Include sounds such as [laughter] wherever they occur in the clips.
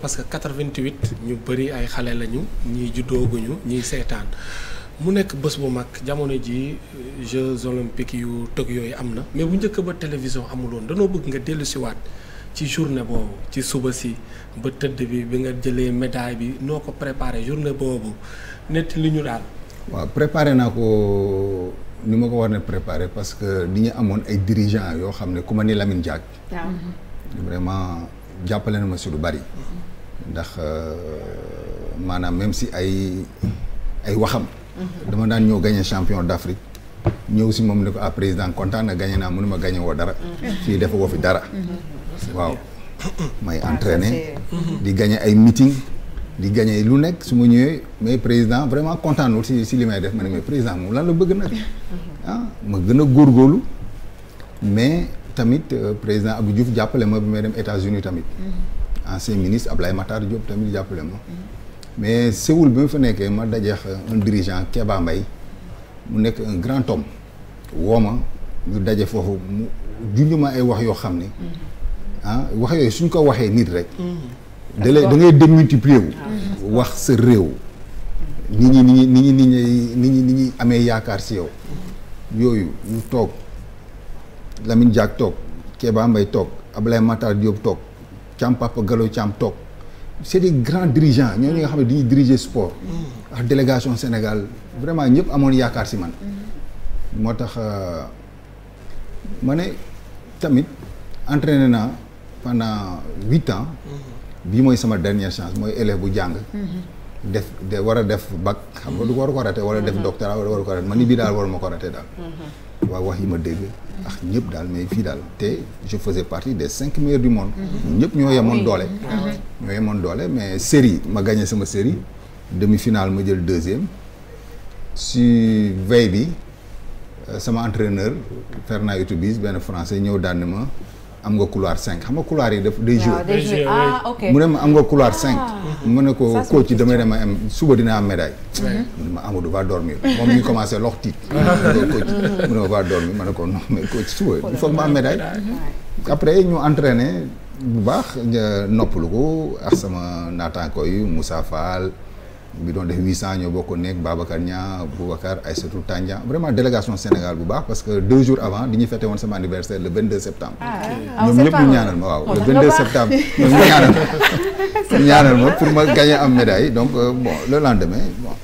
parce que 88 ñu bëri ay xale lañu ñiy juddooguñu ñiy seetaan mu nekk bés bu mag jamono ji euh, Jeux olympiques yu Tokyo yooyu am na mais bu njëkk ba télévision amuloon danoo bëgg nga dellu siwaat ci journée boobu ci suba si ba tëdd bi bi nga jëlee médaille bi noo ko préparé journée boobu nett li ñu daal. waaw préparer naa ko nu ma ko war ne préparé parce que dañu amoon ay dirigeants yoo xam ne ku ma ni Lamine Diack. vraiment. jàppale na ma si lu bari. ndax euh, maanaam même si ay ay waxam. dama daan ñëw gagné champion d'Afrique. ñëw si moom ne ko ah président kontaan na gagné naa mënuma gagné woo dara. fii dafa woo fi dara. waaw may entraîner. di gagné ay meeting. di gagné lu nekk su ma ñëwee mais président vraiment kontaanul si si li may def ma ne mais président moom lan la bëgg nag. ah ma gën a góorgóorlu mais. tamit euh, président Abdou Diouf jàppale ma bi may dem États-Unis tamit. Mm-hmm. ancien ministre Ablaye Matar Diop tamit jàppale ma. Mm-hmm. mais sewul bi ma fa nekkee ma dajeex un dirigent Kéba Mbaye mu nekk un grand homme. woo ma ñu daje foofu mu junj ma ay wax yoo xam ni. Mm-hmm. ah wax yooyu suñ ko waxee nit rek. da lay da ngay démultiplier wu. Ah. wax sa réew. nit ñi nit ñi nit ñi nit ñi nit ñi amee yaakaar si yow. yooyu ñu toog. Lamine Diack toog Kéba mbay toog Ablaye Matar Diop toog Thiam Papa Gallo Thiam toog c'est des grands dirigeants ñooñu nga xam ne dañuy diriger sport ak délégation Sénégal vraiment ñëpp amoon yaakaar si man moo tax euh, ma ne tamit entraîné na pandant huit ans bii mooy sama dernière chance mooy élève bu jàng def de war a def bag xam nga du war ko rate wala def doctorat wala war ko raté mhm. ma ni bi daal war ma ko raté daal mhm. waaw wax yi ma dégg ak ñëpp daal mais fii daal te je faisais partie des cinq meilleurs du monde mhm. ñëpp ñoo ah yemoon doole ah ñoo yemoon doole mais série ma gagné sama série demi final ma jël deuxième si veille bi euh, sama entraîneur Fernand Utubis benn français ñëw daan ma am nga couloir cinq xam nga couloir yi daf day joué ah, mu ne ma am nga couloir ah. cinq mhm. mu ne ko coach damay dema am suba dina am médaille mhm. mu ne ma Amadou va dormir moom ñu commencé lox tiit [laughs] mhm. coach mu ne ma va dormir ma ne ko non mais coach suba il faut que ma am médaille après ñu entraîné bu baax noppalu ko ak sama naataanko yi Moussa Fall bi doon def huit cent ñoo bokk nekk Babacar Niang Boubacar Aïssatou Tandia vraiment délégation Sénégal bu baax parce que deux jours avant di ñu fête woon sama anniversaire le 22 septembre. Ah, ah. ñoom ah, ñëpp [laughs] ñu ñaanal ma waaw le 22 septembre ñoom ñaanal ma. pour ma gagner am médaille donc euh, bon le lendemain bon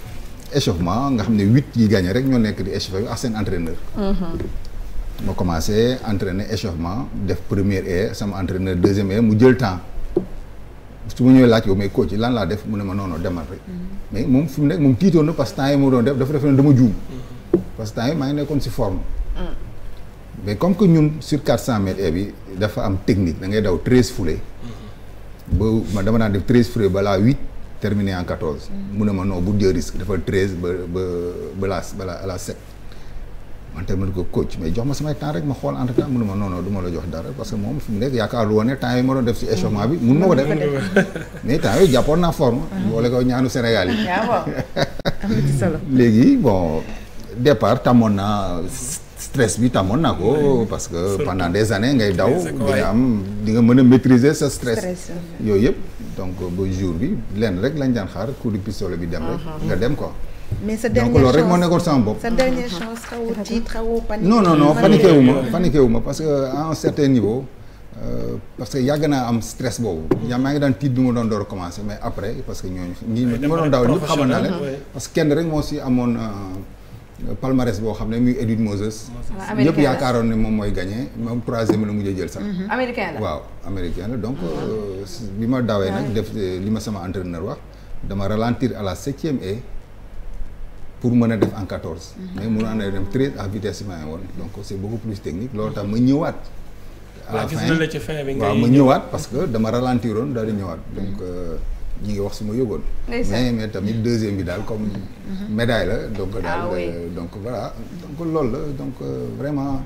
nga xam ne huit yi gagné rek ñoo nekk di échauffé ak seen entraîneur. Mm-hmm. ma commencé entraîner échauffement def première air sama entraîneur deuxième air mu jël temps. su ma ñëwee laaj ko mais koo lan laa def mu ne ma noonu demal rek. mais moom fi mu nekk moom tiitoon na parce que yi moo doon def dafa def ne dama juum. parce que temps yi maa ngi nekkoon si forme. mais comme que ñun sur 400 mètres et bi dafa am technique da ngay daw 13 foulées. ba ma dama daan def 13 foulées balaa 8 terminé en 14. mu ne ma non bu dee risque dafa 13 ba ba balaa balaa à la 7. wante ma ne ko coach mais jox ma samay temps rek ma xool entre temps mënu ma non non du ma la jox dara parce que moom fi mu nekk yaakaar woon ne temps yi ma doon def si échauffement bi mun ma ko def mais temps yooyu jàppoon naa ko ah [laughs] léegi bon départ tàmmoon naa stress bi tàmmoon naa ko parce que pendant des années ngay daw di nga am di nga mën a maîtriser sa stress yooyu yëpp donc ba jour bi lenn rek lañ daan xaar coup de pistolet bi dem uh-huh. nga dem quoi mais sa dernière chose donc rek moo nekkoon sama bopp. sa dernière chose xawoo tiit xawoo paniqué. non non ma parce que en un certain niveau. Euh, parce que yàgg naa am stress boobu. yaa maa ngi daan tiit bi ma doon door commencé mais après parce que ñooñu. ñi ma doon daaw ñëpp xamoon naa leen. parce que kenn rek moo si amoon euh, palmarès boo xam ne muy Edith Moses. yëpp ah, yaakaaroon ne moom mooy gagné moom troisième la mujjee jël sax. Mm-hmm. américain la waaw américain la donc ah. euh, bi ma dawee nag def euh, li ma sama entraîneur wax dama ralentir à la septième et. pour mën a def en quatorze. mais mënoon na dem treize à vitesse bi ma woon donc c' est beaucoup plus technique loolu tax ma ñëwaat. à la ah, fin waaw ma ñëwaat parce que dama ralentiroon daal di ñëwaat donc. Mm-hmm. Euh, ñi ngi wax su ma yóbboon. mais mais tamit deuxième bi daal comme. Mm-hmm. médaille la donc ah daal euh, donc loolu la donc euh, vraiment.